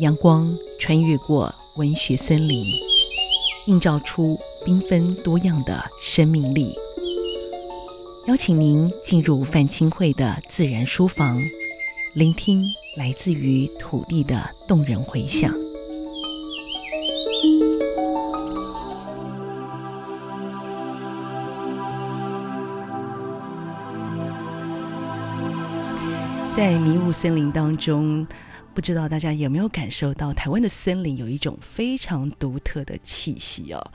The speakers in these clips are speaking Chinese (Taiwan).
陽光穿越過文學森林，映照出繽紛多樣的生命力。邀請您進入范欽慧的自然書房，聆聽來自於土地的動人回響。在迷霧森林當中。不知道大家有沒有感受到，台灣的森林有一種非常獨特的氣息哦，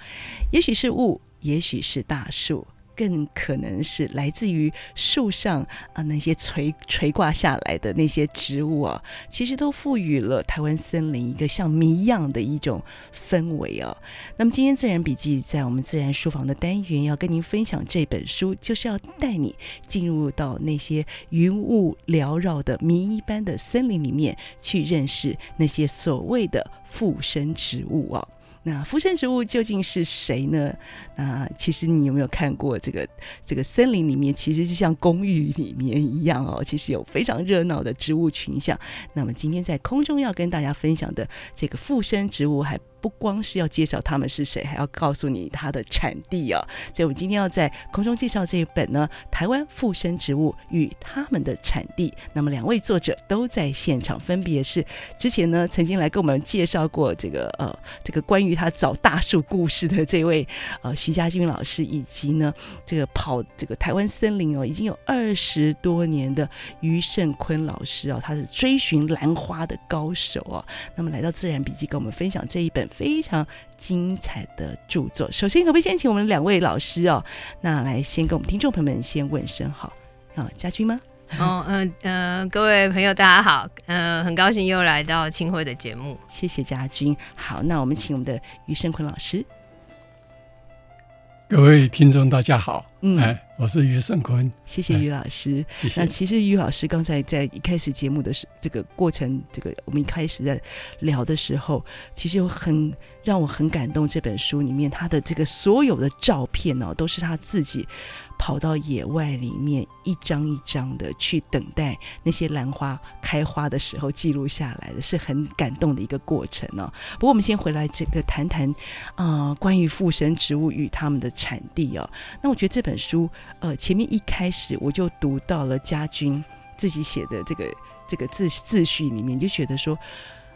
也許是霧，也許是大樹。更可能是來自於樹上啊，那些垂垂掛下來的那些植物啊，其實都賦予了台灣森林一個像謎一樣的一種氛圍啊。那麼今天自然筆記在我們自然書房的單元要跟您分享這本書，就是要帶你進入到那些雲霧繚繞的謎一般的森林裡面，去認識那些所謂的附生植物啊。那附生植物究竟是誰呢？那其實你有沒有看過這個這個森林裡面，其實就像公寓裡面一樣哦，其實有非常熱鬧的植物群像。那麼今天在空中要跟大家分享的這個附生植物還。不光是要介紹他們是誰，還要告訴你它的產地啊、哦。所以我們今天要在空中介紹這一本呢，《台灣附生植物與它們的產地》。那麼兩位作者都在現場，分別是之前呢曾經來跟我們介紹過這個呃這個關於他找大樹故事的這位呃徐嘉君老師，以及呢這個跑這個台灣森林哦已經有二十多年的余勝焜老師哦，他是追尋蘭花的高手哦。那麼來到自然筆記，跟我們分享這一本非常精彩的著作。首先，可不可以先請我們兩位老師哦？那來先跟我們聽眾朋友們先問聲好啊，嘉君嗎？哦，嗯、呃、嗯、呃，各位朋友大家好，嗯、呃，很高興又來到清輝的節目。謝謝嘉君。好，那我們請我們的余勝焜老師。各位聽眾，大家好，嗯，哎，我是余勝焜。謝謝余老師。哎，謝謝。那其實余老師剛才在一開始節目的時，這個過程，這個我們一開始在聊的時候，其實有很讓我很感動。這本書裡面，他的這個所有的照片呢，哦，都是他自己。跑到野外裡面一張一張的去等待那些蘭花開花的時候記錄下來的，是很感動的一個過程哦、喔。不過我們先回來這個談談，啊、呃，關於附生植物與它們的產地哦、喔。那我覺得這本書，呃，前面一開始我就讀到了嘉君自己寫的這個這個自自序裡面，就覺得說，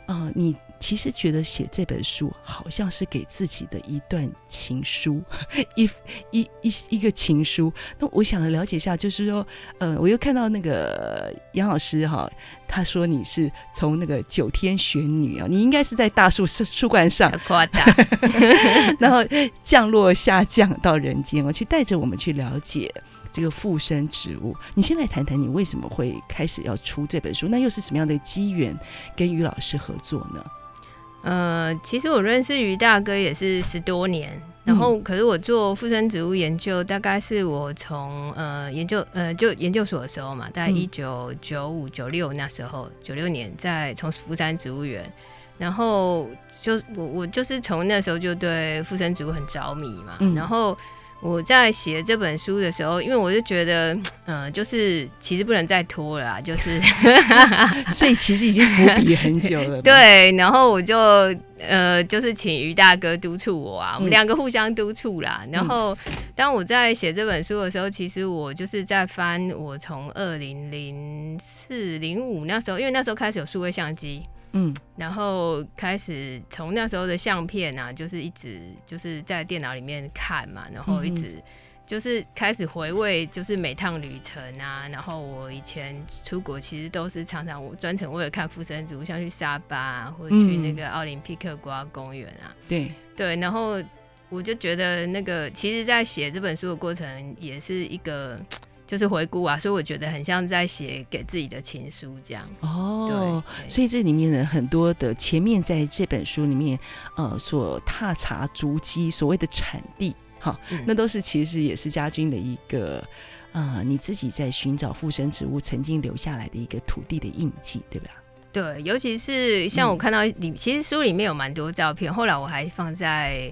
啊、呃，你。其實覺得寫這本書好像是給自己的一段情書，一一一一,一個情書。那我想了解一下，就是說，呃，我又看到那個楊老師哈、啊，他說你是從那個九天玄女啊，你應該是在大樹樹冠上誇 然後降落下降到人間，我去帶着我們去了解這個附生植物。你先來談談你為什麼會開始要出這本書，那又是什麼樣的機緣跟余老師合作呢？呃，其實我認識余大哥也是十多年，然後可是，我做附生植物研究，大概是我從呃研究呃就研究所的時候嘛，大概一九九五九六那時候，九六年在從福山植物園，然後就我我就是從那時候就對附生植物很着迷嘛，然後。我在寫這本書的時候，因為我就覺得，嗯、呃，就是其實不能再拖了，就是， 所以其實已經伏筆很久了。對，然後我就呃，就是請余大哥督促我啊，我們兩個互相督促啦。嗯、然後，當我在寫這本書的時候，其實我就是在翻我從二零零四零五那時候，因為那時候開始有數位相機。嗯，然後開始從那時候的相片啊，就是一直就是在電腦裡面看嘛，然後一直就是開始回味，就是每趟旅程啊，然後我以前出國其實都是常常我專程為了看附生族，像去沙巴、啊、或者去那個奧林匹克國家公園啊，嗯、對對，然後我就覺得那個其實，在寫這本書的過程也是一個。就是回顧啊，所以我覺得很像在寫給自己的情書這樣。哦，對，所以這裡面呢，很多的前面在這本書裡面，呃，所踏查足跡所謂的產地，哈、嗯，那都是其實也是嘉君的一個，啊、呃，你自己在尋找附生植物曾經留下來的一個土地的印記，對吧？對，尤其是像我看到你、嗯，其實書裡面有蠻多照片，後來我還放在。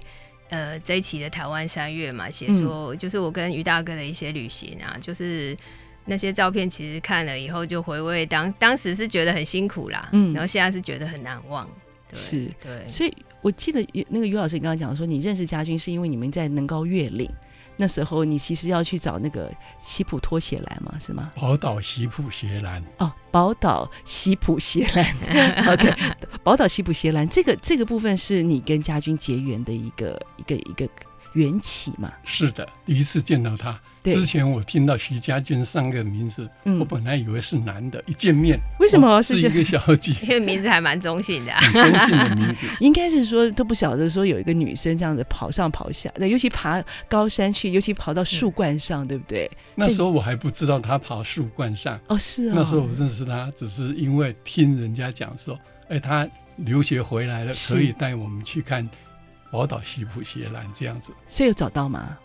呃，這一期的台灣三月嘛，寫說就是我跟余大哥的一些旅行啊，嗯、就是那些照片，其實看了以後，就回味當當時是覺得很辛苦啦，嗯，然後現在是覺得很難忘，對是，對，所以我記得那個余老師，你剛剛講說你認識嘉君是因為你們在能高越嶺。那時候你其實要去找那個喜普拖鞋蘭嘛，是嗎？寶島喜普鞋蘭哦，寶島喜普鞋蘭 ，OK，寶島喜普鞋蘭，這個這個部分是你跟嘉君結緣的一個一個一個緣起嘛？是的，第一次見到他。之前我聽到徐嘉君三個名字、嗯，我本來以為是男的，一見面為什麼、啊、是一個小姐？ 因為名字還蠻中性的， 中性的名字應該是說，都不曉得說有一個女生這樣子跑上跑下，那尤其爬高山去，尤其跑到樹冠上對，對不對？那時候我還不知道她跑樹冠上哦，是啊、哦。那時候我認識她，只是因為聽人家講說，哎、欸，她留學回來了，可以帶我們去看寶島喜普鞋蘭這樣子。所以有找到嗎？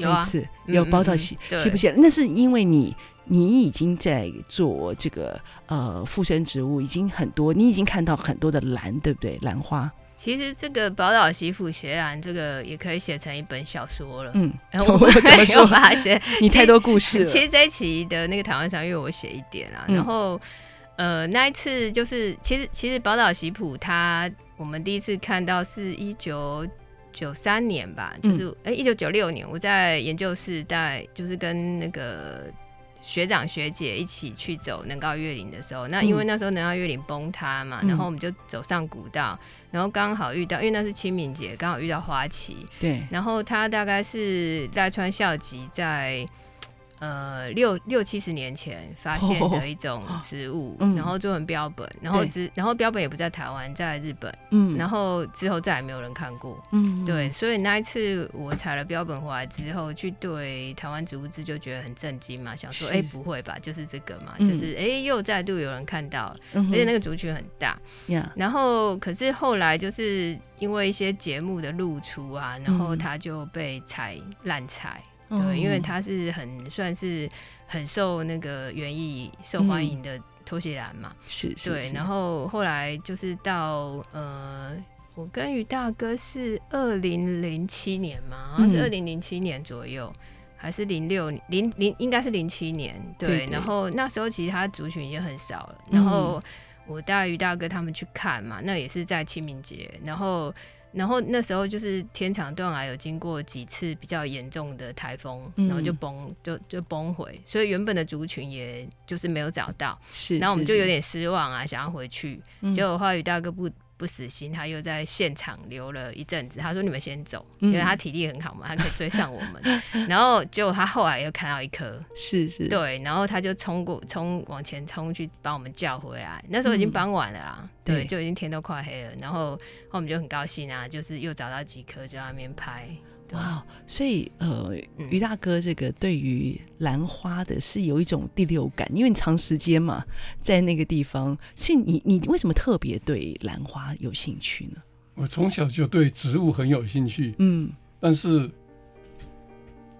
有一次有寶島喜普鞋，那是因為你你已經在做這個呃，附生植物，已經很多，你已經看到很多的蘭，對不對？蘭花，其實這個寶島喜普鞋蘭，這個也可以寫成一本小說了。嗯，我們怎麼說？還 它 你太多故事了。其實，其實這一期的那個台灣，因為我寫一點啊、嗯。然後呃，那一次就是其實其實寶島喜普鞋他，我們第一次看到是一九。九三年吧，就是哎，一九九六年，我在研究室帶，就是跟那個學長學姐一起去走能高越嶺的時候，嗯、那因為那時候能高越嶺崩塌嘛，然後我們就走上古道、嗯，然後剛好遇到，因為那是清明節，剛好遇到花期，對，然後他大概是大川校籍在。呃，六六七十年前發現的一種植物，oh, 然後做成標本，嗯、然後之然後標本也不在台灣，在日本、嗯，然後之後再也沒有人看過。嗯，對，所以那一次我採了標本回來之後，去對台灣植物志就覺得很震驚嘛，想說哎、欸、不會吧，就是這個嘛，嗯、就是哎、欸、又再度有人看到了、嗯，而且那個族群很大、嗯。然後可是後來就是因為一些節目的露出啊，然後他就被採濫採對，因為他是很算是很受那個園藝受歡迎的拖鞋蘭嘛，嗯、是是，是。對，然後後來就是到呃，我跟於大哥是二零零七年嘛，好像是二零零七年左右，嗯、還是零六零零應該是零七年對。對，然後那時候其實他族群已經很少了。然後我帶於大哥他們去看嘛，嗯、那也是在清明節，然後。然後那時候就是天長斷崖，有經過幾次比較嚴重的台風，嗯、然後就崩，就就崩毀，所以原本的族群也就是沒有找到。是，然後我們就有點失望啊，是是是想要回去，嗯、結果的話，余大哥不。不死心，他又在現場留了一陣子。他說：“你們先走，嗯，因為他體力很好嘛，他可以追上我們。 ”然後，結果他後來又看到一顆，是是，對，然後他就衝過，衝往前衝去把我們叫回來。那時候已經傍晚了啦，啦，嗯，對，就已經天都快黑了。然後後面就很高興啊，就是又找到幾顆就在那邊拍。哇、wow，所以呃，余大哥，這個對於蘭花的是有一種第六感，因為你長時間嘛，在那個地方，是你，你為什麼特別對蘭花有興趣呢？我從小就對植物很有興趣，嗯，但是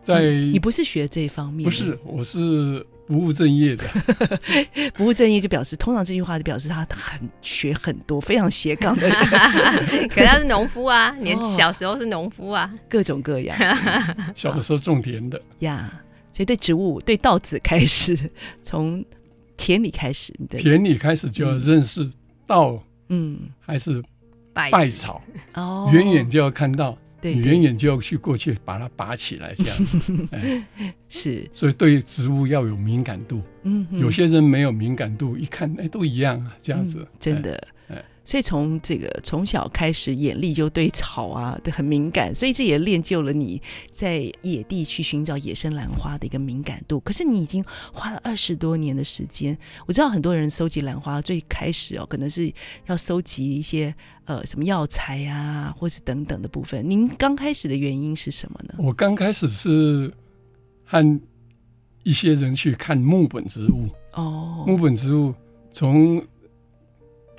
在、嗯、你不是學這方面，不是，我是。不務正業的，不 務正業就表示，通常這句話就表示他很學很多，非常斜槓。 可他是農夫啊，你、 哦、小時候是農夫啊， 各種各樣。小的時候種田的呀， 啊、yeah, 所以對植物、對稻子，開始從田裡開始，田裡開始就要認識稻嗯，嗯，還是稗草拜，哦，遠遠就要看到。對對，你遠遠就要去過去把它拔起來這樣子、 哎，是。所以對植物要有敏感度，嗯，有些人沒有敏感度，一看哎都一樣啊，這樣子，嗯、真的。哎所以從這個從小開始，眼力就對草啊就很敏感，所以這也練就了你在野地去尋找野生蘭花的一個敏感度。可是你已經花了二十多年的時間，我知道很多人收集蘭花，最開始哦，可能是要收集一些呃什麼藥材啊，或是等等的部分。您剛開始的原因是什麼呢？我剛開始是和一些人去看木本植物哦，木本植物從。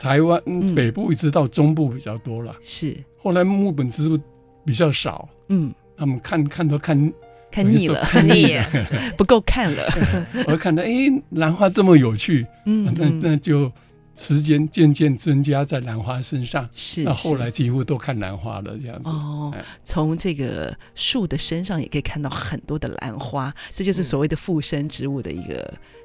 台灣北部一直到中部比較多了，是、嗯、後來木本植物比較少，嗯，他們看看都看看膩了，看膩了呵呵不夠看了，呵呵我看到哎，蘭、欸、花這麼有趣，嗯，啊、那那就時間漸漸增加在蘭花、嗯啊、花身上，是那後來幾乎都看蘭花了這樣子。哦，從、嗯、這個樹的身上也可以看到很多的蘭花、嗯，這就是所謂的附生植物的一個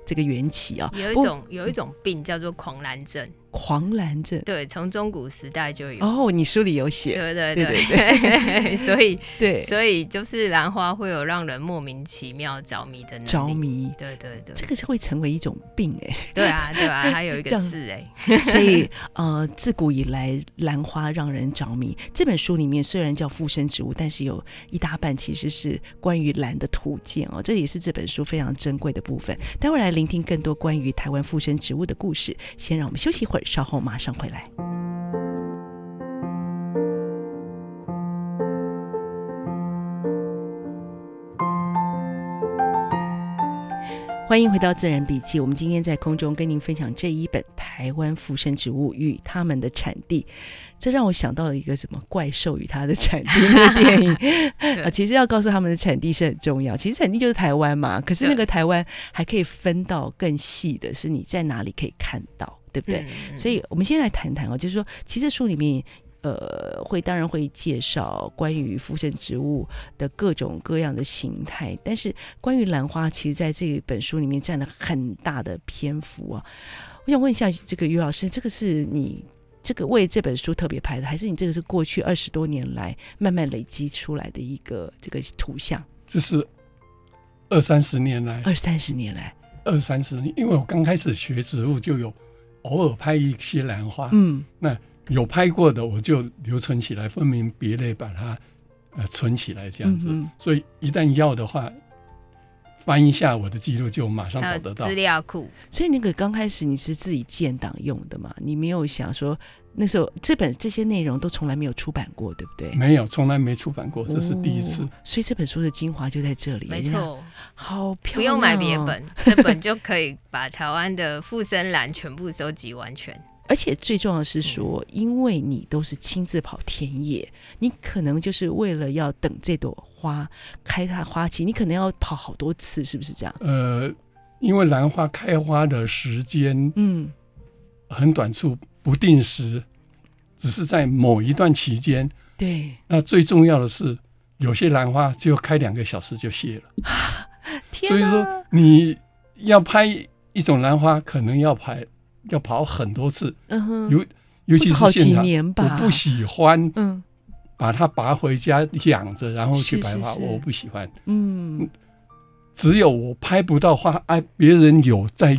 這個緣起啊。有一種有一種病叫做狂蘭症。狂蘭症，對，從中古時代就有哦。你書裡有寫，對對對對，對，對 所以對，所以就是蘭花會有讓人莫名其妙着迷的那種。着迷，對對對，這個是會成為一種病哎、欸，對啊對啊，還有一個字哎、欸，所以呃，自古以來蘭花讓人着迷。 這本書裡面雖然叫附生植物，但是有一大半其實是關於蘭的圖鑑哦，這也是這本書非常珍貴的部分。待會來聆聽更多關於台灣附生植物的故事，先讓我們休息一會兒。稍後馬上回來。歡迎回到《自然筆記》，我們今天在空中跟您分享這一本《台灣附生植物與它們的產地》。這讓我想到了一個什麼怪獸與它的產地那個電影 其實要告訴他們的產地是很重要，其實產地就是台灣嘛。可是那個台灣還可以分到更細的，是你在哪裡可以看到，對不對？嗯、所以，我們先來談談哦，就是說，其實書裡面，呃，會當然會介紹關於附生植物的各種各樣的形態，但是關於蘭花，其實在這本書裡面占了很大的篇幅啊。我想問一下，這個余老師，這個是你這個為這本書特別拍的，還是你這個是過去二十多年來慢慢累積出來的一個這個圖像？這是二三十年來，二三十年來，二三十年，因為我剛開始學植物就有。偶爾拍一些蘭花，嗯，那有拍過的我就留存起來，分門別類把它呃存起來，這樣子、嗯。所以一旦要的話，翻一下我的記錄就馬上找得到資、啊、料庫，所以那個剛開始你是自己建檔用的嘛？你沒有想說那時候這本這些內容都從來沒有出版過，對不對？沒有，從來沒出版過、哦，這是第一次。所以這本書的精華就在這裡，沒錯、啊，好漂亮，不用買別本，這本就可以把台灣的附生蘭全部收集完全。 而且最重要的是說，因為你都是親自跑田野，你可能就是為了要等這朵花開它花期，你可能要跑好多次，是不是這樣？呃，因為蘭花開花的時間嗯很短促，不定時，嗯，只是在某一段期間。對。那最重要的是，有些蘭花就開兩個小時就謝了啊！天啊！所以說你要拍一種蘭花，可能要拍。要跑很多次，尤、嗯、尤其是現場，不幾年吧，我不喜歡，嗯，把它拔回家養着、嗯，然後去擺花，我不喜歡，嗯，只有我拍不到花，哎，別人有在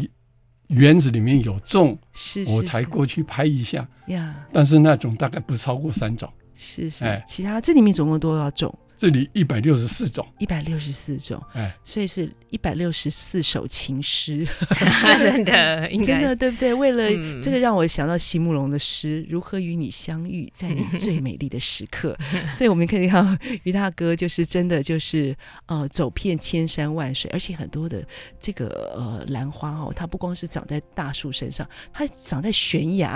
園子裡面有種，是，是，是，我才過去拍一下，呀，但是那種大概不超過三種，是是，其他這裡面總共多少種？這裡一百六十四種，一百六十四種，哎，所以是一百六十四首情詩， 真的，應該，真的對不對？為了這個，讓我想到席慕蓉的詩、嗯《如何與你相遇，在你最美麗的時刻。》 所以我們可以看到，余大哥就是真的就是呃，走遍千山萬水，而且很多的這個呃蘭花哦，它不光是長在大樹身上，它長在懸崖，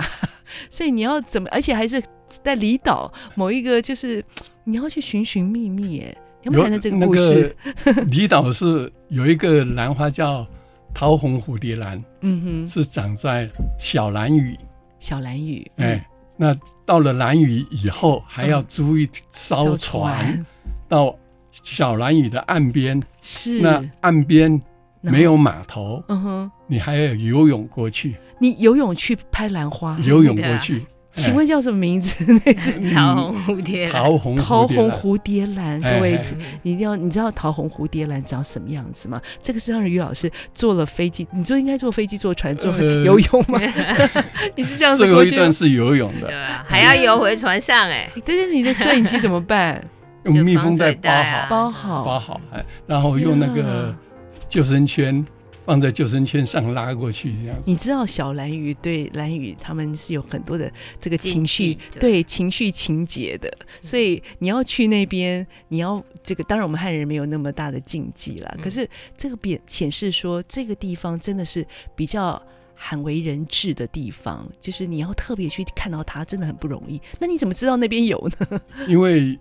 所以你要怎麼？而且還是。在離島某一個，就是你要去尋尋覓覓，哎，有沒有看到這個故事？離島、那個、是有一個蘭花叫桃紅蝴蝶蘭，嗯哼，是長在小蘭嶼。小蘭嶼，哎、嗯欸，那到了蘭嶼以後，還要租一艘船、嗯、船到小蘭嶼的岸邊。是那岸邊沒有碼頭，嗯哼，你還要游泳過去。你游泳去拍蘭花，游泳過去。請問叫什麼名字？哎、 那隻桃紅蝴蝶，桃紅桃紅蝴蝶蘭各位，哎、你一定要你知道桃紅蝴蝶蘭長什麼樣子嗎、哎？這個是讓余老師坐了飛機，你說應該坐飛機、坐船、坐游泳嗎？呃、 你是這樣子？最後一段是游泳的，嗯，還要游回船上哎！但是，啊哎，你的攝影機怎麼辦？用密封袋、啊、包好，包好，包、哎、好然後用那個救生圈。放在救生圈上拉過去，這樣。你知道小蘭嶼對蘭嶼他們是有很多的這個情緒，對,對情緒情結的，所以你要去那邊，你要這個，當然我們漢人沒有那麼大的禁忌啦。可是這個表顯示說，這個地方真的是比較罕為人知的地方，就是你要特別去看到它，真的很不容易。那你怎麼知道那邊有呢？因為，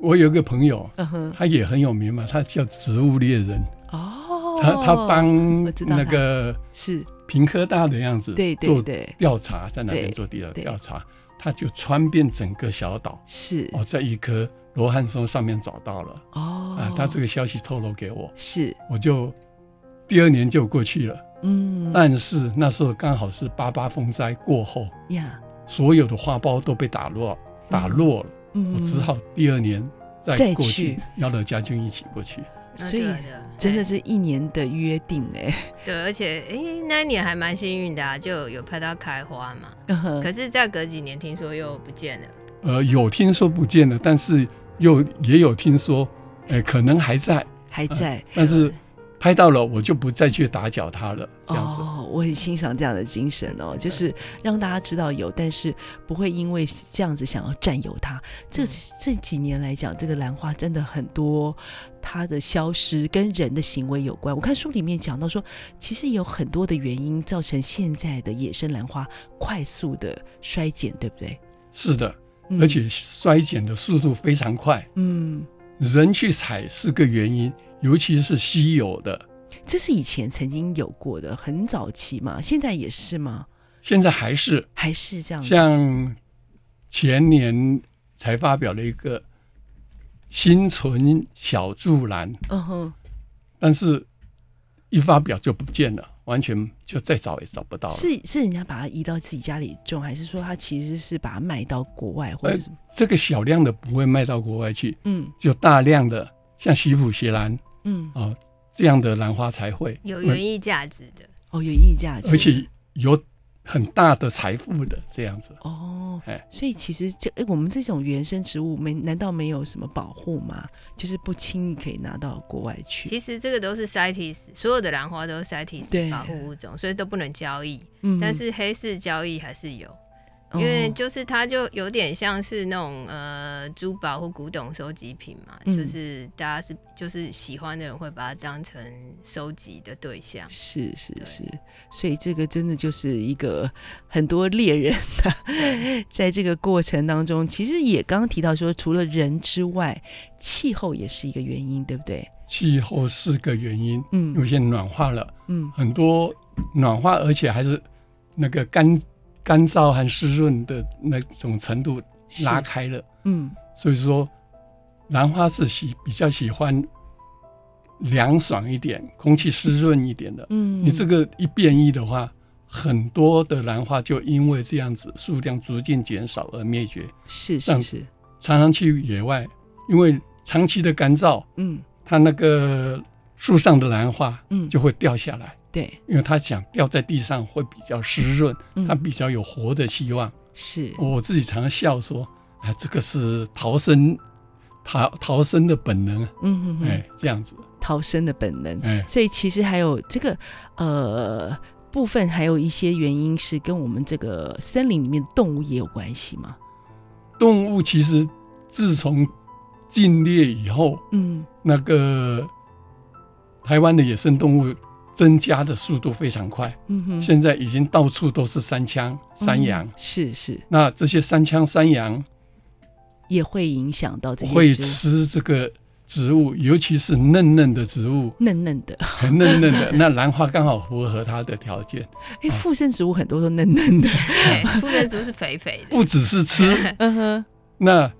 我有一個朋友，他也很有名嘛，他叫植物獵人哦。他他幫那個是屏科大的樣子做，哦，對對對，調查在那邊做調調查，他就穿遍整個小島，是哦，在一棵羅漢松上面找到了哦，啊，他這個消息透露給我，是我就第二年就過去了，嗯，但是那時候剛好是八八風災過後，呀，嗯，所有的花苞都被打落打落了，嗯，嗯，我只好第二年再過去，去邀了嘉君一起過去。所以真的是一年的約定，哎、欸，對，而且、欸、那一年還蠻幸運的啊，就有拍到開花嘛。嗯、可是再隔幾年聽說又不見了。呃，有聽說不見了，但是又也有聽說，哎、欸，可能還在，還在，呃、但是。嗯拍到了，我就不再去打攪它了。這樣子哦，oh, 我很欣賞這樣的精神哦， 就是讓大家知道有，但是不會因為這樣子想要占有它。這這幾年來講，這個蘭花真的很多，它的消失跟人的行為有關。我看書裡面講到說，其實有很多的原因造成現在的野生蘭花快速的衰減，對不對？是的，而且衰減的速度非常快。嗯，人去採是個原因。尤其是稀有的，這是以前曾經有過的，很早期嘛，現在也是嗎？現在還是還是這樣。像前年才發表了一個新存小柱蘭，嗯哼，但是一發表就不見了，完全就再找也找不到了。是是，是人家把它移到自己家裡種，還是說他其實是把它賣到國外，或者是、呃、這個小量的不會賣到國外去，嗯，就大量的像喜普鞋蘭。嗯哦，這樣的蘭花才會有園藝價值的、嗯、哦，有園藝價值，而且有很大的財富的這樣子哦。哎，所以其實這哎、欸，我們這種原生植物沒，難道沒有什麼保護嗎？就是不輕易可以拿到國外去？其實這個都是 CITES，所有的蘭花都是 CITES 保護物種，所以都不能交易。嗯，但是黑市交易還是有。因為就是它就有點像是那種呃珠寶或古董收集品嘛，嗯，就是大家是就是喜歡的人會把它當成收集的對象。是是是，所以這個真的就是一個很多獵人啊，在這個過程當中，其實也剛剛提到說，除了人之外，氣候也是一個原因，對不對？氣候是個原因，嗯，有些暖化了，嗯，很多暖化，而且還是那個乾。乾燥和濕潤的那種程度拉開了，嗯，所以說，蘭花是喜比較喜歡涼爽一點、空氣濕潤一點的。嗯，你這個一變異的話，很多的蘭花就因為這樣子數量逐漸減少而滅絕。是是是，是常常去野外，因為長期的乾燥，嗯，它那個樹上的蘭花，嗯，就會掉下來。嗯嗯對，因為他想掉在地上會比較濕潤，嗯、他比較有活的希望。是，我自己常常笑說：“啊、哎，這個是逃生逃逃生的本能。嗯哼哼”嗯嗯哎，這樣子。逃生的本能。哎，所以其實還有這個呃部分，還有一些原因是跟我們這個森林裡面的動物也有關係嘛。動物其實自從禁獵以後，嗯，那個台灣的野生動物。嗯增加的速度非常快，嗯哼，現在已經到處都是山羌山羊，嗯，是是。那這些山羌山羊也會影響到這些，會吃這個植物，尤其是嫩嫩的植物，嫩嫩的，嫩嫩的。 那蘭花剛好符合它的條件，哎、欸，附生植物很多都嫩嫩的，啊對，附生植物是肥肥的，不只是吃，嗯哼。那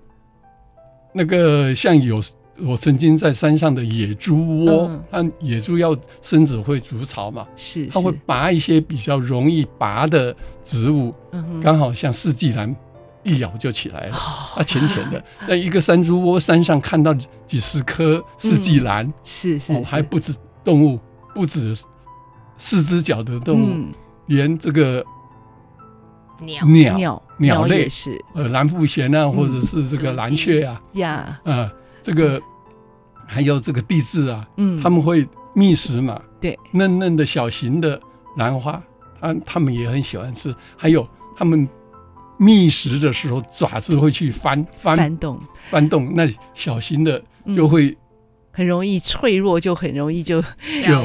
那個像有。我曾經在山上的野豬窩，那、嗯嗯、野豬要生子會築巢嘛，是，是它會拔一些比較容易拔的植物，剛、嗯、好像四季蘭，一咬就起來了，它淺淺的，在一個山豬窩山上看到幾十棵四季蘭、嗯哦，是是，是、哦，還不止動物，不止四隻腳的動物、嗯，連這個鳥鳥鳥類鳥是，呃藍腹鷴啊，或者是這個藍鵲啊，呀、嗯、呃、啊嗯啊、這個。嗯還有這個地質啊、嗯，他們會覓食嘛？對，嫩嫩的小型的蘭花，它它們也很喜歡吃。還有它們覓食的時候，爪子會去翻翻，翻動翻動，那小型的就會、嗯。很容易脆弱，就很容易就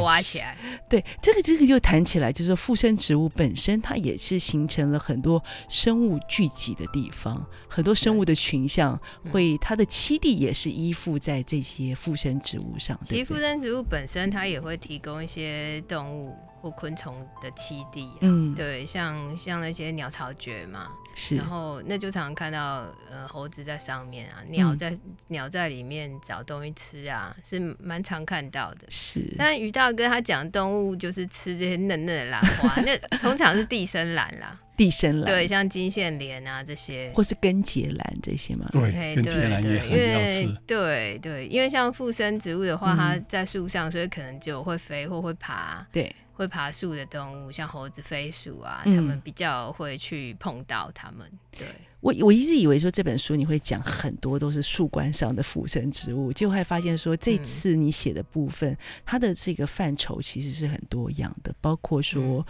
挖起來。 對，這個這個又談起來，就是附生植物本身，它也是形成了很多生物聚集的地方，很多生物的群像會，它的棲地也是依附在這些附生植物上。對對對，其實附生植物本身，它也會提供一些動物。昆蟲的棲地，嗯，對，像像那些鳥巢蕨嘛，是，然後那就常看到呃猴子在上面啊，鳥在、嗯、鳥在裡面找東西吃啊，是蠻常看到的。是，但余大哥他講動物就是吃這些嫩嫩的蘭花， 那通常是地生蘭啦，地生蘭，對，像金線蓮啊這些，或是根節蘭這些嘛，對，根節蘭也很好吃。對對，對，對，因為像附生植物的話，嗯、它在樹上，所以可能就會飛或會爬。對。會爬樹的動物，像猴子、飛鼠啊、嗯，他們比較會去碰到它們。對。我我一直以為說這本書你會講很多都是樹冠上的附生植物，結果還發現說，這次你寫的部分、嗯，它的這個範疇其實是很多樣的，包括說、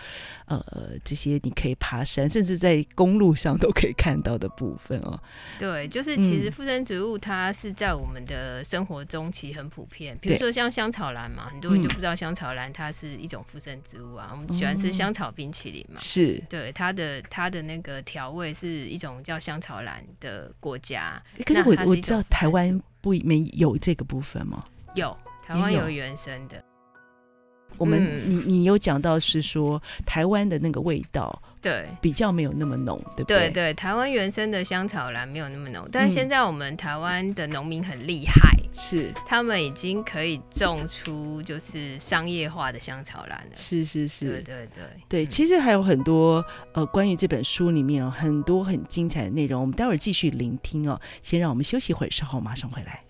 嗯、呃這些你可以爬山，甚至在公路上都可以看到的部分哦。對，就是其實附生植物它是在我們的生活中其實很普遍、嗯，比如說像香草蘭嘛，很多人就不知道香草蘭它是一種附生植物啊。嗯、我們喜歡吃香草冰淇淋嘛，是對它的它的那個調味是一種叫。香草蘭的國家，可是我我知道台灣不沒有這個部分嗎？有，台灣有原生的。我們、嗯、你你有講到是說台灣的那個味道，對，比較沒有那麼濃，對不對？對，對,對，台灣原生的香草蘭沒有那麼濃，但是現在我們台灣的農民很厲害，是、嗯、他們已經可以種出就是商業化的香草蘭了。是是是，對對對對、嗯，其實還有很多呃關於這本書裡面有很多很精彩的內容，我們待會兒繼續聆聽哦。先讓我們休息一會兒，稍後馬上回來。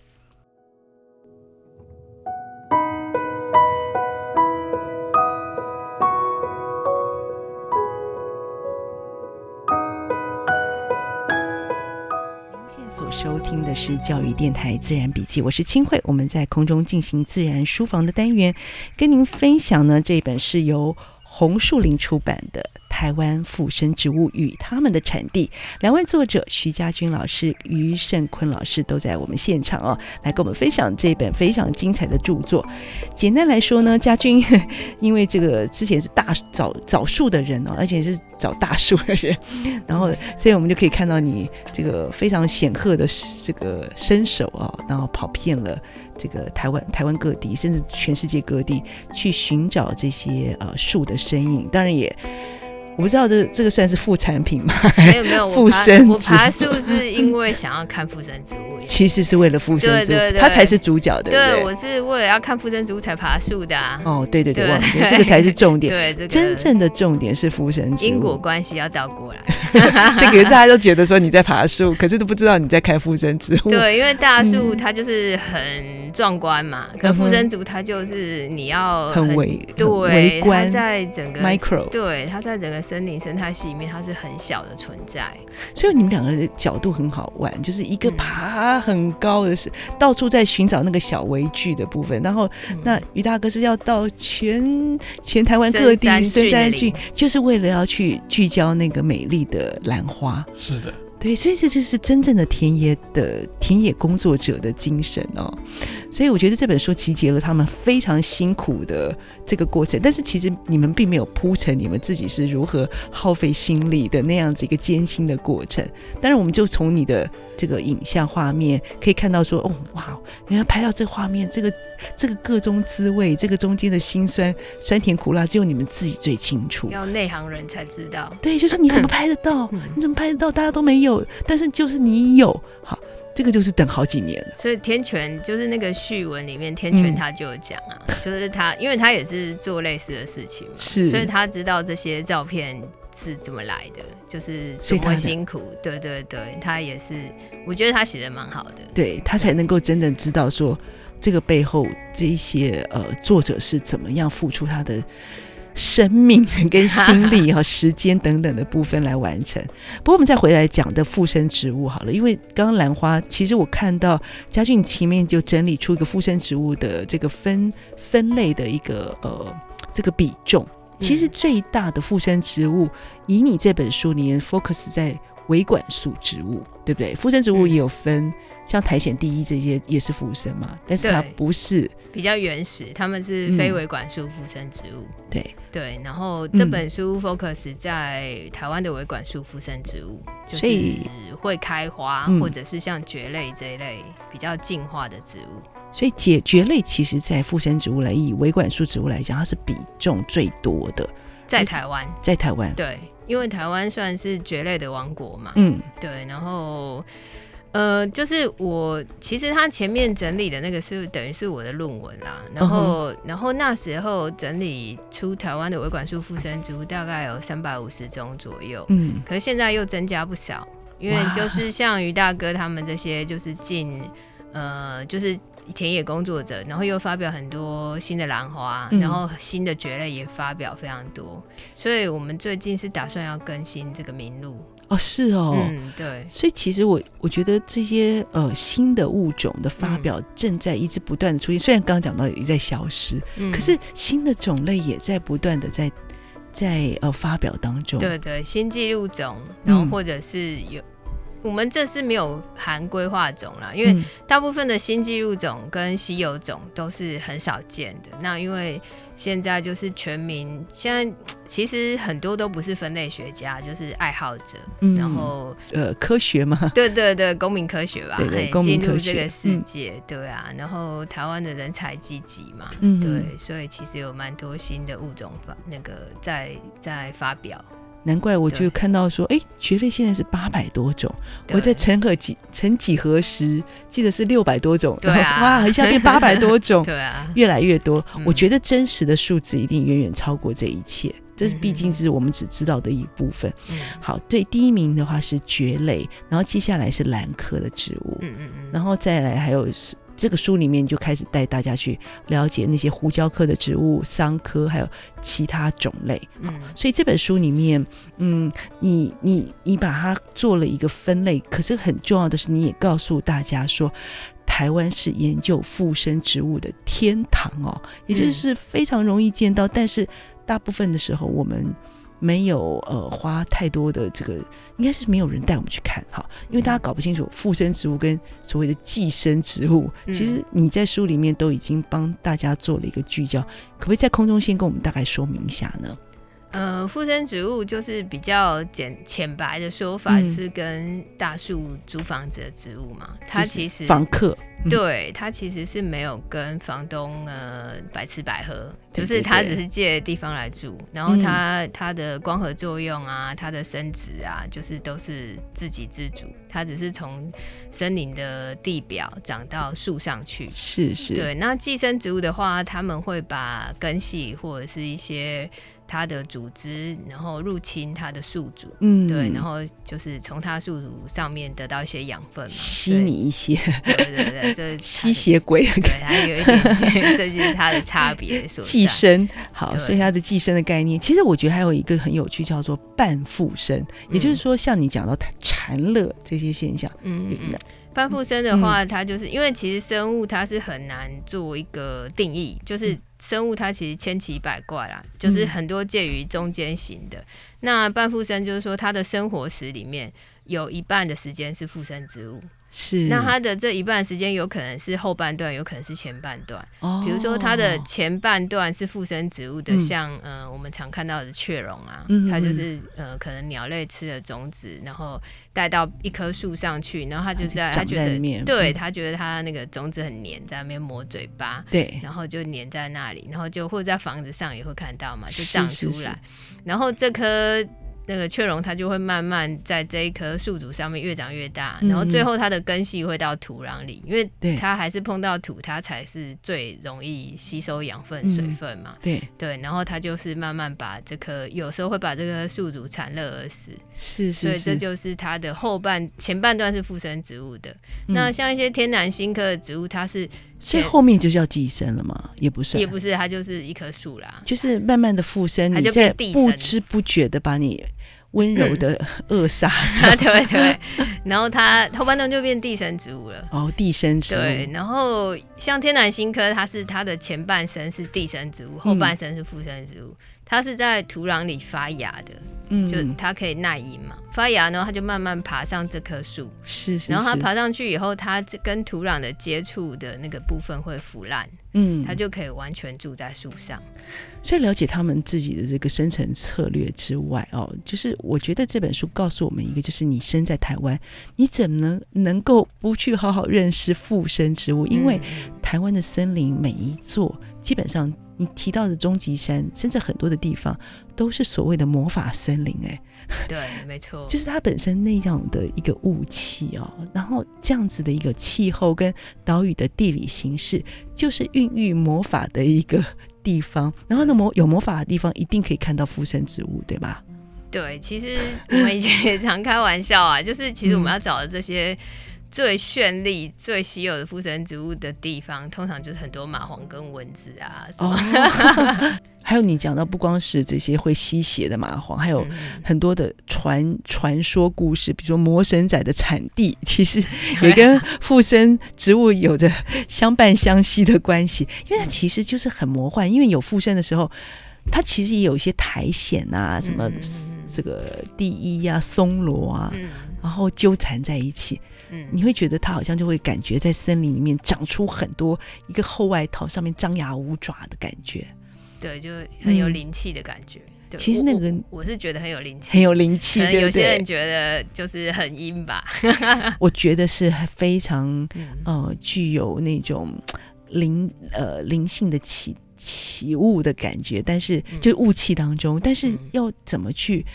收聽的是教育電臺《自然筆記》，我是清慧，我們在空中進行自然書房的單元，跟您分享呢，這本是由。紅樹林出版的《台灣附生植物與它們的產地》，兩位作者徐嘉君老師、余勝焜老師都在我們現場哦，來跟我們分享這本非常精彩的著作。簡單來說呢，嘉君因為這個之前是大找找樹的人哦，而且是找大樹的人，然後所以我們就可以看到你這個非常顯赫的這個身手啊、哦，然後跑遍了。這個台灣、台灣各地，甚至全世界各地，去尋找這些呃樹的身影，當然也。我不知道這這個算是副產品嗎？沒、欸、有沒有，附生我爬樹是因為想要看附生植物，其實是為了附生植物，它對對對才是主角的。對，我是為了要看附生植物才爬樹的、啊。哦，對對對,對,對,對,對,對,對，這個才是重點。對，對這個、真正的重點是附生植物因果關係要倒過來。這 個大家都覺得說你在爬樹， 可是都不知道你在看附生植物。對，因為大樹它就是很壯觀嘛，嗯、可附生植物它就是你要很微對，微觀。在整個 micro，對，它在整個。森林生態系裡面，它是很小的存在。所以你們兩個人的角度很好玩，就是一個爬很高的，是、嗯、到處在尋找那個小微距的部分。然後，嗯、那余大哥是要到全全台灣各地深山，深山峻，就是為了要去聚焦那個美麗的蘭花。是的，對。所以這就是真正的田野的田野工作者的精神哦。所以我覺得這本書集結了他們非常辛苦的。這個過程，但是其實你們並沒有鋪陳你們自己是如何耗費心力的那樣子一個艱辛的過程。當然我們就從你的這個影像畫面可以看到說，哦，哇，原來拍到這個畫面，這個這個個中滋味，這個中間的辛酸、酸甜苦辣，只有你們自己最清楚，要內行人才知道。對，就說、是、你怎麼拍得到？嗯。你怎麼拍得到？大家都沒有，但是就是你有，好。這個就是等好幾年了，所以天權就是那個序文裡面，天權他就有講啊、嗯，就是他，因為他也是做類似的事情嘛，是，所以他知道這些照片是怎麼來的，就是多麼辛苦，對對對，他也是，我覺得他寫的蠻好的，對，他才能夠真正知道說這個背後這一些呃作者是怎麼樣付出他的。生命跟心力和 時間等等的部分來完成。不過我們再回來講的附生植物好了，因為剛剛蘭花，其實我看到嘉君前面就整理出一個附生植物的這個分分類的一個呃這個比重。其實最大的附生植物，嗯、以你這本書，裡面 focus 在維管束植物，對不對？附生植物也有分。嗯像苔蘚、地衣這些也是附生嘛，但是它不是比較原始，他們是非維管束附生植物。嗯、對對，然後這本書 focus 在台灣的維管束附生植物，就是會開花，嗯、或者是像蕨類這一類比較進化的植物。所以，解蕨類其實，在附生植物來以維管束植物來講，它是比重最多的。在台灣，在台灣，對，因為台灣算是蕨類的王國嘛。嗯，對，然後。呃，就是我其實他前面整理的那個是等於是我的論文啦，然後、oh. 然後那時候整理出台灣的維管束附生植物大概有三百五十種左右，嗯，可是現在又增加不少，因為就是像於大哥他們這些就是進呃就是田野工作者，然後又發表很多新的蘭花，嗯，然後新的蕨類也發表非常多，所以我們最近是打算要更新這個名錄。哦，是哦。嗯，對，所以其實我我覺得這些呃新的物種的發表正在一直不斷的出現。嗯，雖然剛剛講到也在消失，可是新的種類也在不斷的在在，在呃發表當中，對對，新紀錄種，然後或者是有。嗯我們這是沒有含歸化種啦，因為大部分的新紀錄種跟稀有種都是很少見的，嗯。那因為現在就是全民，現在其實很多都不是分類學家，就是愛好者。嗯、然後，呃，科學嘛，對對對，公民科學吧，進入這個世界，嗯，對啊。然後台灣的人才濟濟嘛，嗯，對，所以其實有蠻多新的物種發那個在在發表。難怪我就看到說，哎，蕨類現在是八百多種。我在曾何幾曾幾何時，記得是六百多種。對、啊、然後哇，一下變八百多種， 對啊，越來越多、嗯。我覺得真實的數字一定遠遠超過這一切，這是畢竟是我們只知道的一部分。嗯、好，對，第一名的話是蕨類，然後接下來是蘭科的植物，嗯嗯嗯，然後再來還有是。這個書裡面就開始帶大家去了解那些胡椒科的植物、桑科，還有其他種類。嗯，所以這本書裡面，嗯，你你你把它做了一個分類。可是很重要的是，你也告訴大家說，台灣是研究附生植物的天堂哦，也就是非常容易見到，嗯、但是大部分的時候我們。沒有呃，花太多的這個，應該是沒有人帶我們去看哈，因為大家搞不清楚附生植物跟所謂的寄生植物。其實你在書裡面都已經幫大家做了一個聚焦，可不可以在空中先跟我們大概說明一下呢？呃，附生植物就是比較簡淺白的說法，是跟大樹租房子的植物嘛。嗯、它其實、就是、房客，對、嗯、它其實是沒有跟房東呃白吃白喝，對對對，就是它只是借地方來住。然後它、嗯、它的光合作用啊，它的生殖啊，就是都是自給自足。它只是從森林的地表長到樹上去。是是。對，那寄生植物的話，他們會把根系或者是一些。他的組織，然後入侵他的宿主，嗯，對，然後就是從他宿主上面得到一些養分嘛，吸你一些，對對對，對，就 吸血鬼，對，它有一點，點， 這就是他的差別所在。寄生，好，所以他的寄生的概念，其實我覺得還有一個很有趣，叫做半附生，嗯。也就是說，像你講到它纏勒這些現象，嗯嗯，半附生的話，嗯，它就是因為其實生物它是很難做一個定義，就是。生物它其實千奇百怪啦，就是很多介於中間型的。嗯、那半附生就是說，它的生活史裡面有一半的時間是附生植物，是。那它的這一半的時間有可能是後半段，有可能是前半段。哦。比如說它的前半段是附生植物的，嗯、像呃我們常看到的雀榕啊，嗯嗯，它就是呃可能鳥類吃的種子，然後帶到一棵樹上去，然後它就在，在裡面它覺得、嗯，對，它覺得它那個種子很黏，在那邊磨嘴巴，對，然後就黏在那裡。然後就或者在房子上也會看到嘛，就長出來是是是。然後這棵那個雀榕，它就會慢慢在這一棵宿主上面越長越大，嗯，然後最後它的根系會到土壤裡，嗯、因為它還是碰到土，它才是最容易吸收養分，嗯、水分嘛。對對，然後它就是慢慢把這棵，有時候會把這棵宿主纏勒而死。是，是是，所以這就是它的後半前半段是附生植物的。嗯、那像一些天南星科的植物，它是。所以後面就叫寄生了嘛？也不是也不是，它就是一棵樹啦。就是慢慢的附生，它就地生，你在不知不覺的把你溫柔的扼殺，對、嗯、對。 然後它後半段就變地生植物了，哦，地生植物。對，然後像天南星科，它是它的前半生是地生植物，後半生是附生植物。嗯它是在土壤裡發芽的，嗯，就它可以耐陰嘛。發芽呢，它就慢慢爬上這棵樹。是，是是。然後它爬上去以後，它跟土壤的接觸的那個部分會腐爛，嗯，它就可以完全住在樹上。所以了解他們自己的這個生存策略之外，哦，就是我覺得這本書告訴我們一個，就是你生在台灣，你怎麼能能夠不去好好認識附生植物？因為台灣的森林每一座基本上。你提到的中級山，甚至很多的地方，都是所謂的魔法森林、欸。哎，對，沒錯，就是它本身那樣的一個霧氣哦，然後這樣子的一個氣候跟島嶼的地理形勢，就是孕育魔法的一個地方。然後呢，魔有魔法的地方，一定可以看到附生植物，對吧？對，其實我們以前也常開玩笑啊， 就是其實我們要找的這些。最絢麗、最稀有的附生植物的地方，通常就是很多螞蟥跟蚊子啊。哦、 還有你講到不光是這些會吸血的螞蟥、嗯嗯，還有很多的傳傳說故事，比如說魔神仔的產地，其實也跟附生植物有着相伴相惜的關係、嗯。因為它其實就是很魔幻，因為有附生的時候，它其實也有一些苔蘚啊，什麼這個地衣啊、松蘿啊、嗯，然後糾纏在一起。嗯，你會覺得它好像就會感覺在森林裡面長出很多一個厚外套，上面張牙舞爪的感覺。對，就很有靈氣的感覺、嗯對。其實那個我，我是覺得很有靈氣，很有靈氣。的有些人覺得就是很陰吧。 我覺得是非常呃具有那種靈呃靈性的起起霧的感覺，但是就是霧氣當中、嗯，但是要怎麼去？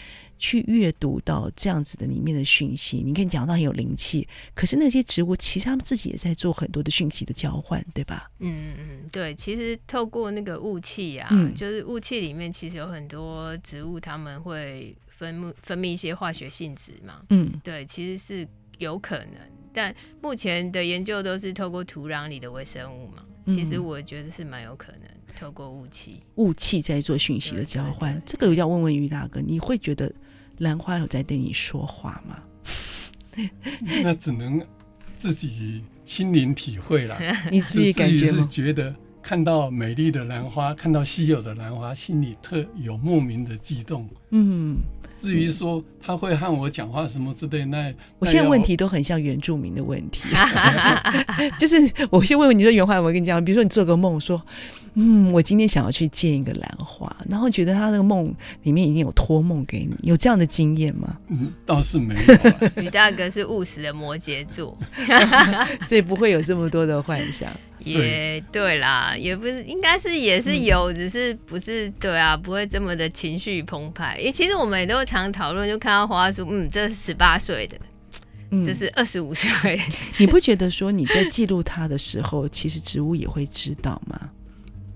去閱讀到這樣子的裡面的訊息，你可以講到很有靈氣。可是那些植物其實他們自己也在做很多的訊息的交換，對吧？嗯嗯，對。其實透過那個霧氣啊、嗯，就是霧氣裡面其實有很多植物，他們會分泌分泌一些化學性質嘛。嗯，對，其實是有可能。但目前的研究都是透過土壤裡的微生物嘛。其實我覺得是蠻有可能透過霧氣霧氣在做訊息的交換。這個我要問問余大哥，你會覺得？蘭花有在對你說話嗎？那只能自己心靈體會了。 你自己感覺嗎？是自己是覺得看到美麗的蘭花，看到稀有的蘭花，心裡特有莫名的激動。嗯，至於說他會和我講話什麼之類，那，嗯、那我現在問題都很像原住民的問題啊。 就是我先問問你，說原話有沒有跟你講？比如說你做個夢說。嗯，我今天想要去見一個蘭花，然後覺得他那個夢裡面已經有托夢給你，有這樣的經驗嗎？嗯，倒是沒有、啊。余 大哥是務實的摩羯座， 所以不會有這麼多的幻想。也對啦，也不是，應該是也是有，嗯、只是不是對啊，不會這麼的情緒澎湃。因為其實我們也都常討論，就看到花叔，嗯，這是十八歲的、嗯，這是二十五歲。 你不覺得說你在記錄他的時候，其實植物也會知道嗎？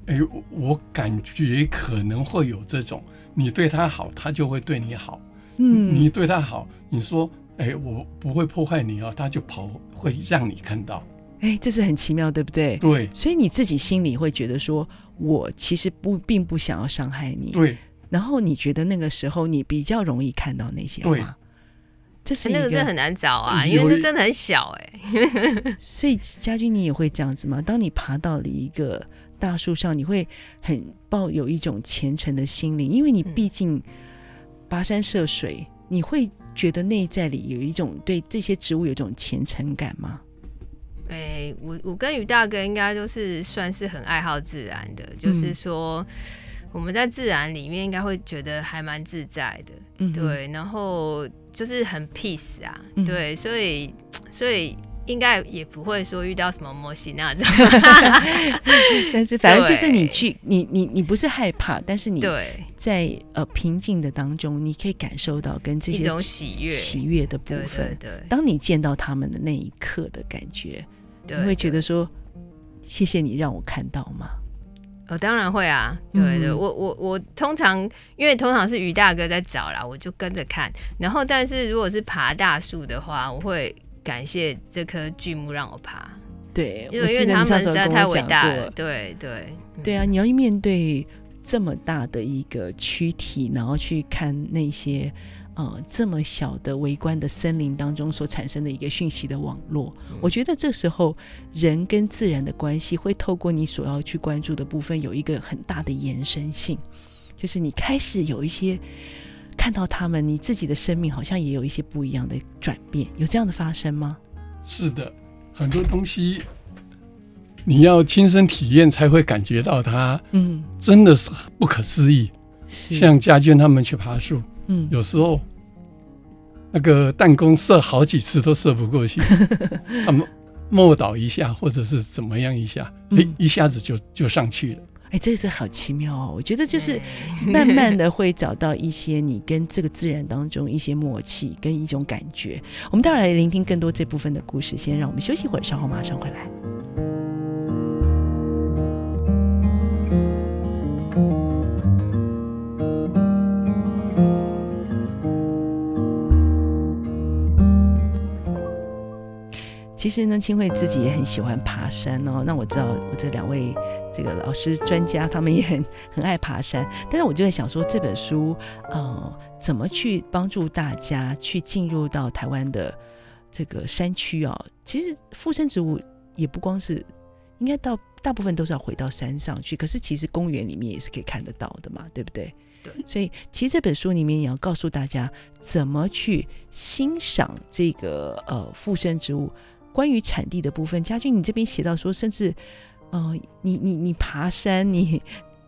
哎、欸，我感覺可能會有這種，你對他好，他就會對你好。嗯，你對他好，你說，哎、欸，我不會破壞你哦，他就跑，會讓你看到。哎、欸，這是很奇妙，對不對？對。所以你自己心裡會覺得說，說我其實不，並不想要傷害你。對。然後你覺得那個時候，你比較容易看到那些嗎？對。這是個、欸、那個，很難找啊，因為這真的很小、欸。哎。 所以，嘉君，你也會這樣子嗎？當你爬到了一個。大樹上，你會很抱有一種虔誠的心靈，因為你畢竟跋山涉水，嗯、你會覺得內在裡有一種對這些植物有一種虔誠感嗎？哎、欸，我我跟余大哥應該都是算是很愛好自然的，嗯、就是說我們在自然裡面應該會覺得還蠻自在的、嗯，對，然後就是很 peace 啊，嗯、對，所以所以。應該也不會說遇到什麼摩西娜這種， 但是反正就是你去，你你你，不是害怕，但是你在對呃平靜的當中，你可以感受到跟這些種喜悅喜悅的部分。對，對，對，當你見到他們的那一刻的感覺，對對，你會覺得說對對，謝謝你讓我看到嗎？我、哦、當然會啊，對對，嗯、我我我通常因為通常是余大哥在找啦，我就跟着看。然後，但是如果是爬大樹的話，我會。感謝這棵巨木讓我爬。對，我覺得因為他們實在太偉大了。對對對啊！你要面對這麼大的一個軀體，然後去看那些呃這麼小的微觀的森林當中所產生的一個訊息的網絡，嗯，我覺得這時候人跟自然的關係會透過你所要去關注的部分有一個很大的延伸性，就是你開始有一些。看到他們，你自己的生命好像也有一些不一樣的轉變，有這樣的發生嗎？是的，很多東西 你要親身體驗才會感覺到它，嗯，真的是不可思議。嗯、像嘉君他們去爬樹，嗯，有時候、嗯、那個彈弓射好幾次都射不過去，他們莫倒一下或者是怎麼樣一下，哎、嗯欸，一下子就就上去了。哎，這是好奇妙哦，我覺得就是慢慢的會找到一些你跟這個自然當中一些默契跟一種感覺。 我們待會來聆聽更多這部分的故事，先讓我們休息一會兒，稍後馬上回來。其實呢，青慧自己也很喜歡爬山哦。那我知道我這兩位這個老師專家，他們也很很愛爬山。但是我就在想說，這本書呃怎麼去幫助大家去進入到台灣的這個山區哦？其實附生植物也不光是應該到大部分都是要回到山上去，可是其實公園裡面也是可以看得到的嘛，對不對？對。所以其實這本書裡面也要告訴大家怎麼去欣賞這個呃附生植物。關於產地的部分，嘉君，你這邊寫到說，甚至，呃，你你你爬山，你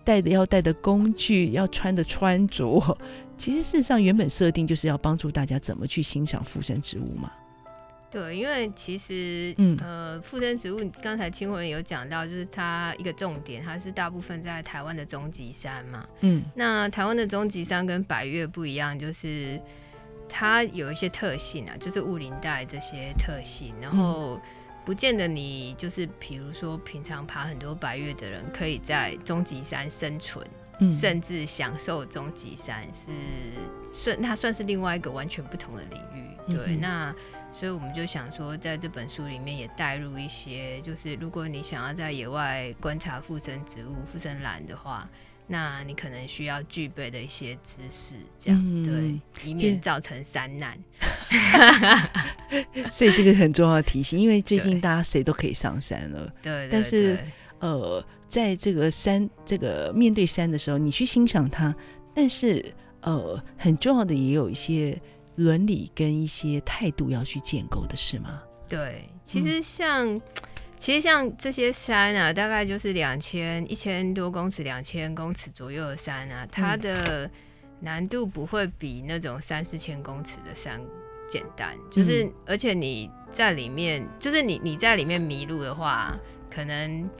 帶的要帶的工具，要穿的穿着，其實事實上原本設定就是要幫助大家怎麼去欣賞附生植物嘛？對，因為其實，嗯，呃，附生植物剛才清文有講到，就是它一個重點，它是大部分在台灣的中級山嘛。嗯，那台灣的中級山跟百岳不一樣，就是，它有一些特性啊，就是霧林帶這些特性，然後不見得你就是，比如說平常爬很多百岳的人，可以在中級山生存，嗯，甚至享受中級山是，是算它算是另外一個完全不同的領域。對，嗯、那所以我們就想說，在這本書裡面也帶入一些，就是如果你想要在野外觀察附生植物、附生蘭的話，那你可能需要具備的一些知識，這樣、嗯、對，以免造成山難。 所以這個很重要的提醒，因為最近大家誰都可以上山了。對，對,對。但是呃，在這個山這個面對山的時候，你去欣賞它，但是呃，很重要的也有一些倫理跟一些態度要去建構的是嗎？對，其實像。嗯其實像這些山啊，大概就是兩千一千多公尺、兩千公尺左右的山啊，它的難度不會比那種三四千公尺的山簡單。嗯、就是，而且你在裡面，就是你你在裡面迷路的話，可能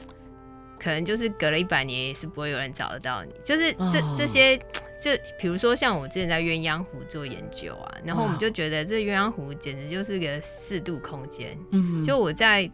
可能就是隔了一百年也是不會有人找得到你。就是這、Oh. 這些，就比如說像我之前在鴛鴦湖做研究啊，然後我們就覺得這鴛鴦湖簡直就是個四度空間。嗯、Wow，就我在。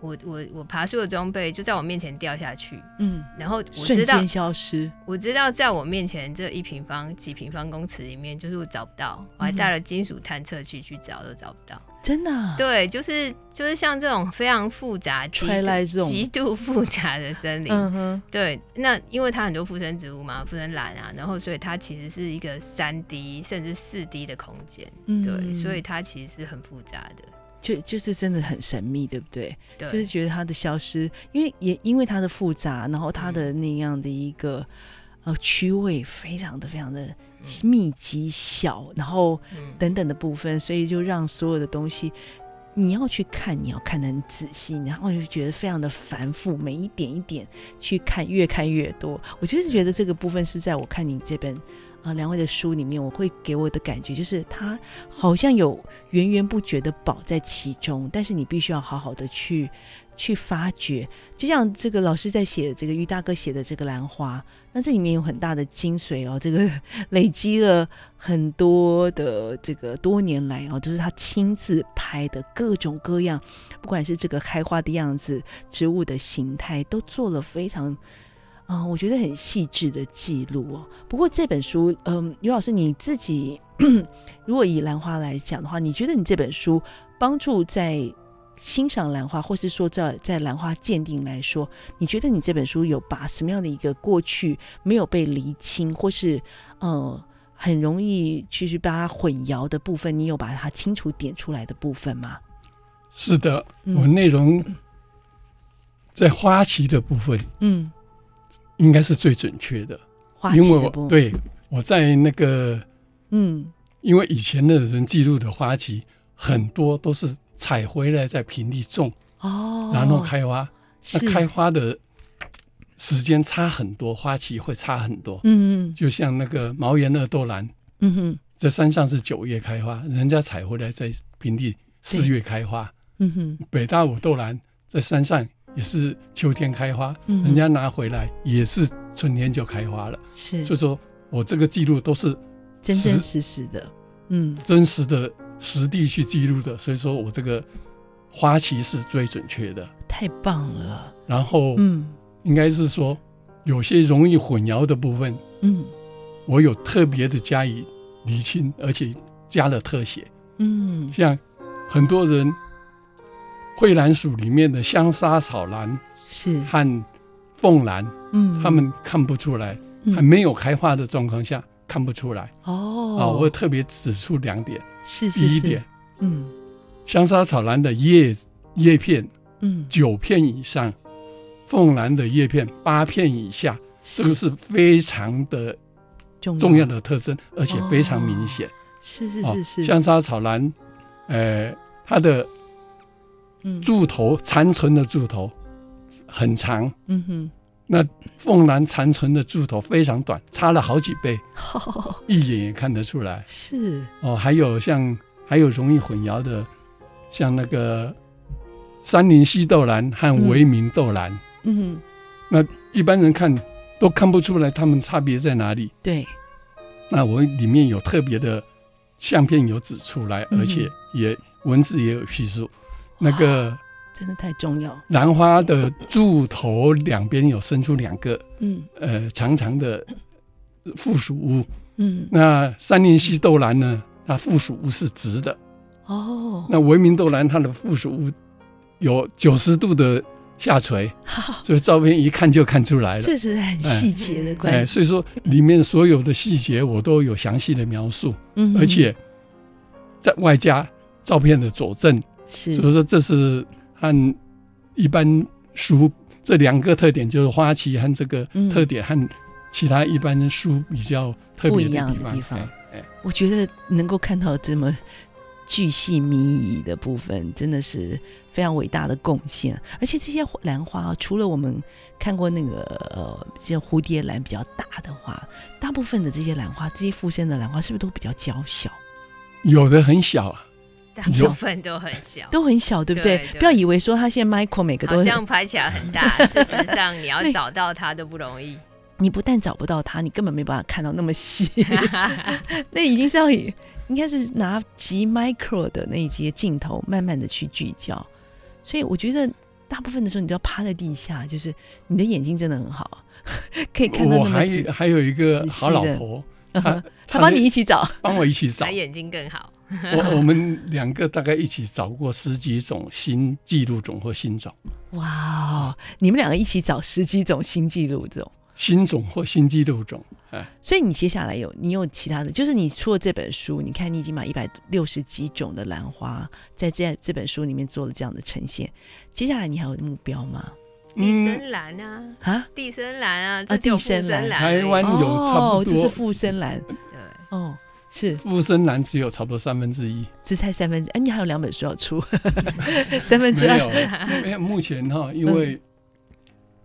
我我我爬樹的裝備就在我面前掉下去，嗯，然後我知道。瞬間消失。我知道在我面前這一平方幾平方公尺裡面，就是我找不到、嗯。我還帶了金屬探測器去找，都找不到。真的？對，就是就是像這種非常複雜、Try、極、like、極度複雜的森林、Uh-huh。對，那因為它很多附生植物嘛，附生蘭啊，然後所以它其實是一個三 D 甚至四 D 的空間、嗯。對，所以它其實是很複雜的。就就是真的很神秘，對不對，對？就是覺得它的消失，因為也因為它的複雜，然後它的那樣的一個、嗯、呃區位非常的非常的密集小、嗯，然後等等的部分，所以就讓所有的東西你要去看，你要看得很仔細，然後又覺得非常的繁複，每一點一點去看，越看越多。我就是覺得這個部分是在我看你這邊。啊，兩位的書裡面，我會給我的感覺就是，他好像有源源不絕的寶在其中，但是你必須要好好的去去發掘。就像這個老師在寫的這個余大哥寫的這個蘭花，那這裡面有很大的精髓哦，這個累積了很多的這個多年來哦，都、就是他親自拍的各種各樣，不管是這個開花的樣子、植物的形態，都做了非常。啊、嗯，我覺得很細緻的記錄哦。不過這本書，嗯、呃，余老師你自己 如果以蘭花來講的話，你覺得你這本書幫助在欣賞蘭花，或是說在在蘭花鑑定來說，你覺得你這本書有把什麼樣的一個過去沒有被釐清，或是呃很容易去去把它混淆的部分，你有把它清楚點出來的部分嗎？是的，我的內容在花期的部分，嗯。嗯應該是最準確的，花期因為我對，我在那個，嗯，因為以前的人記錄的花期很多都是採回來在平地種，哦，然後開花，是那開花的時間差很多，花期會差很多。嗯嗯，就像那個毛岩萼豆蘭，嗯哼，在山上是九月開花，人家採回來在平地四月開花。嗯哼，北大武豆蘭在山上。也是秋天開花，嗯，人家拿回來也是春天就開花了。是，所以說我這個記錄都是真真實實的，嗯，真實的實地去記錄的，所以說我這個花期是最準確的。太棒了。然後，嗯，應該是說有些容易混淆的部分，嗯，我有特別的加以釐清，而且加了特寫，嗯，像很多人。蕙蘭屬裡面的香莎草蘭是和鳳蘭，嗯，他們看不出來，嗯、還沒有開花的狀況下、嗯、看不出來。哦，哦我特別指出兩點。是是是。第一,一點，嗯，香莎草蘭的葉葉片，嗯，九片以上，鳳蘭的葉片八片以下是，這個是非常的重要的特徵，而且非常明顯、哦。是是是是。哦、香莎草蘭，呃，它的。柱頭殘存的柱頭很長，嗯哼，那鳳蘭殘存的柱頭非常短，差了好幾倍，哦，一眼也看得出來。是哦，還有像還有容易混淆的，像那個杉林溪豆蘭和維明豆蘭，嗯，嗯哼，那一般人看都看不出來它們差別在哪裡？對，那我裡面有特別的相片有指出來，而且也文字也有敘述。嗯那個真的太重要。蘭花的柱頭兩邊有伸出兩個，嗯，呃，長長的附屬物。嗯，那三稜系豆蘭呢，它附屬物是直的。哦。那文明豆蘭，它的附屬物有九十度的下垂，嗯，所以照片一看就看出來了。這是很細節的關係。哎，所以說裡面所有的細節我都有詳細的描述，嗯，而且在外加照片的佐證。所以說，這是和一般書，這兩個特點，就是花期和這個特點、嗯，和其他一般書比較特別的不一樣的地方、哎。我覺得能夠看到這麼巨細靡遺的部分，真的是非常偉大的貢獻。而且這些蘭花，除了我們看過那個呃，這些蝴蝶蘭比較大的話，大部分的這些蘭花，這些附生的蘭花，是不是都比較嬌小？有的很小啊。大部分都很小， 都很小，對不對,對,對？不要以為說他現在 micro 每個都好像拍起來很大， 事實上你要找到他都不容易。 你不但找不到他，你根本沒辦法看到那麼細。 那已經是要應該是拿極 micro 的那些鏡頭慢慢的去聚焦。所以我覺得大部分的時候，你都要趴在地下，就是你的眼睛真的很好， 可以看到那麼我還有,的還有一個好老婆，她 幫你一起找，幫我一起找， 他眼睛更好。 我，我們兩個大概一起找過十幾種新紀錄種和新種。哇、wow，你們兩個一起找十幾種新紀錄種，新種或新紀錄種。哎，所以你接下來有你有其他的，就是你出了這本書，你看你已經把一百六十幾種的蘭花在這這本書裡面做了這樣的呈現。接下來你還有目標嗎？地生蘭啊，嗯、蘭啊，啊，地生蘭啊，啊，地生蘭，台灣有差不多、哦，這是附生蘭，對，哦。是附生蘭只有差不多三分之一，只差三分之一。哎、啊，你還有兩本書要出， 三分之二 沒。沒有，目前哈，因為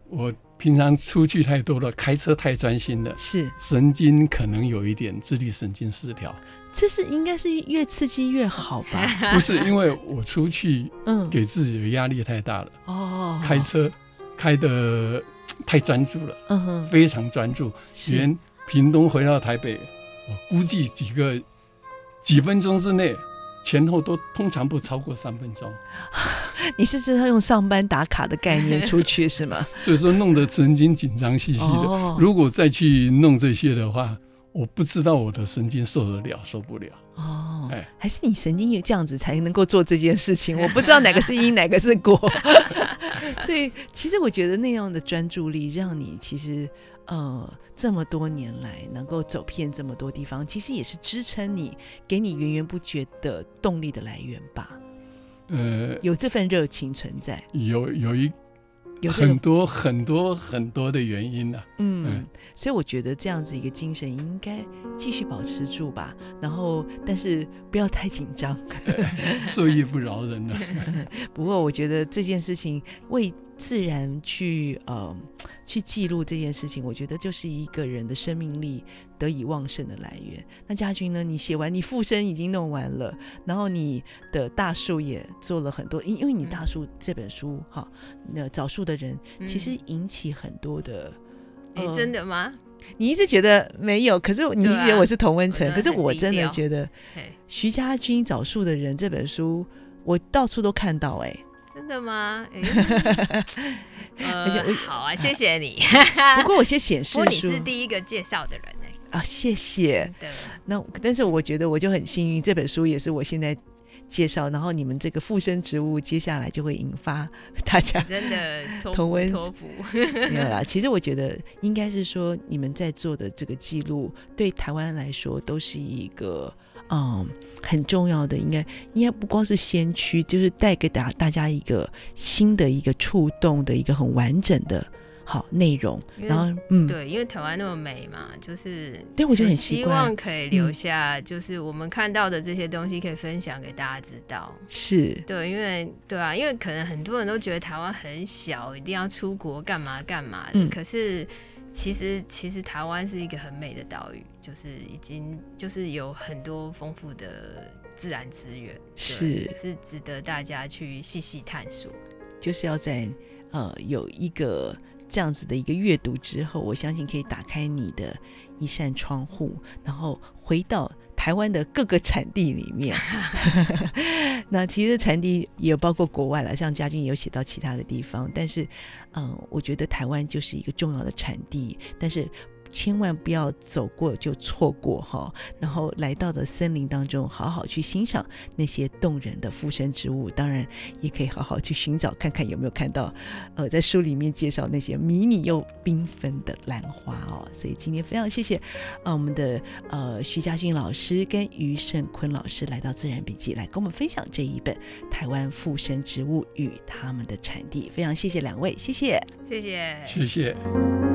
我平常出去太多了，開車太專心了，是神經可能有一點自律神經失調。這是應該是越刺激越好吧？ 不是，因為我出去，嗯，給自己的壓力太大了、嗯。哦，開車開得太專注了，嗯哼，非常專注。從屏東回到台北。我估計幾個幾分鐘之內，前後都通常不超過三分鐘。 你是知道用上班打卡的概念出去 是嗎？所以說弄得神經緊張兮兮的，哦。如果再去弄這些的話，我不知道我的神經受得了受不了。哦，哎，還是你神經這樣子才能夠做這件事情。我不知道哪個是因， 哪個是果。 所以其實我覺得那樣的專注力，讓你其實。呃，這麼多年來能夠走遍這麼多地方，其實也是支撐你，給你源源不絕的動力的來源吧？呃，有這份熱情存在，有有一有，這個，很多很多很多的原因呢，啊嗯。嗯，所以我覺得這樣子一個精神應該繼續保持住吧。然後，但是不要太緊張，受 益，呃，不饒人呢，啊。 不過，我覺得這件事情為。自然去呃去記錄這件事情，我覺得就是一個人的生命力得以旺盛的來源。那嘉君呢？你寫完，你附生已經弄完了，然後你的大樹也做了很多，因因為你大樹這本書、嗯、哈，那找樹的人其實引起很多的、嗯呃欸。真的嗎？你一直覺得沒有，可是你覺得我是同溫層，可是我真的覺得徐嘉君找樹的人這本書，我到處都看到哎、欸。真的嗎？哎， 呃、好啊，啊，謝謝你。 不過我先顯示， 不過你是第一個介紹的人哎、欸。啊，謝謝。對。那但是我覺得我就很幸運，這本書也是我現在介紹，然後你們這個附生植物接下來就會引發大家同真的托溫托福。沒有 啦，其實我覺得應該是說你們在做的這個記錄，對台灣來說都是一個。嗯，很重要的，應該應該不光是先驅，就是帶給大家大家一個新的一個觸動的一個很完整的好內容。然後，嗯，對，因為台灣那麼美嘛，就是，但我就很希望可以留下，嗯，就是我們看到的這些東西可以分享給大家知道。是對，因為對啊，因為可能很多人都覺得台灣很小，一定要出國幹嘛幹嘛的，的、嗯，可是。其實，其實台灣是一個很美的島嶼，就是已經就是有很多豐富的自然資源，是是值得大家去細細探索。就是要在呃有一個這樣子的一個閱讀之後，我相信可以打開你的一扇窗戶，然後回到。台灣的各個產地裡面 那其實產地也包括國外了，像嘉君也有寫到其他的地方，但是，嗯，我覺得台灣就是一個重要的產地，但是。千萬不要走過就錯過哈，然後來到的森林當中，好好去欣賞那些動人的附生植物，當然也可以好好去尋找，看看有沒有看到，呃，在書裡面介紹那些迷你又繽紛的蘭花哦。所以今天非常謝謝，啊，我們的呃徐嘉君老師跟余勝焜老師來到自然筆記，來跟我們分享這一本《台灣附生植物與它們的產地》，非常謝謝兩位，謝謝，謝謝，謝謝。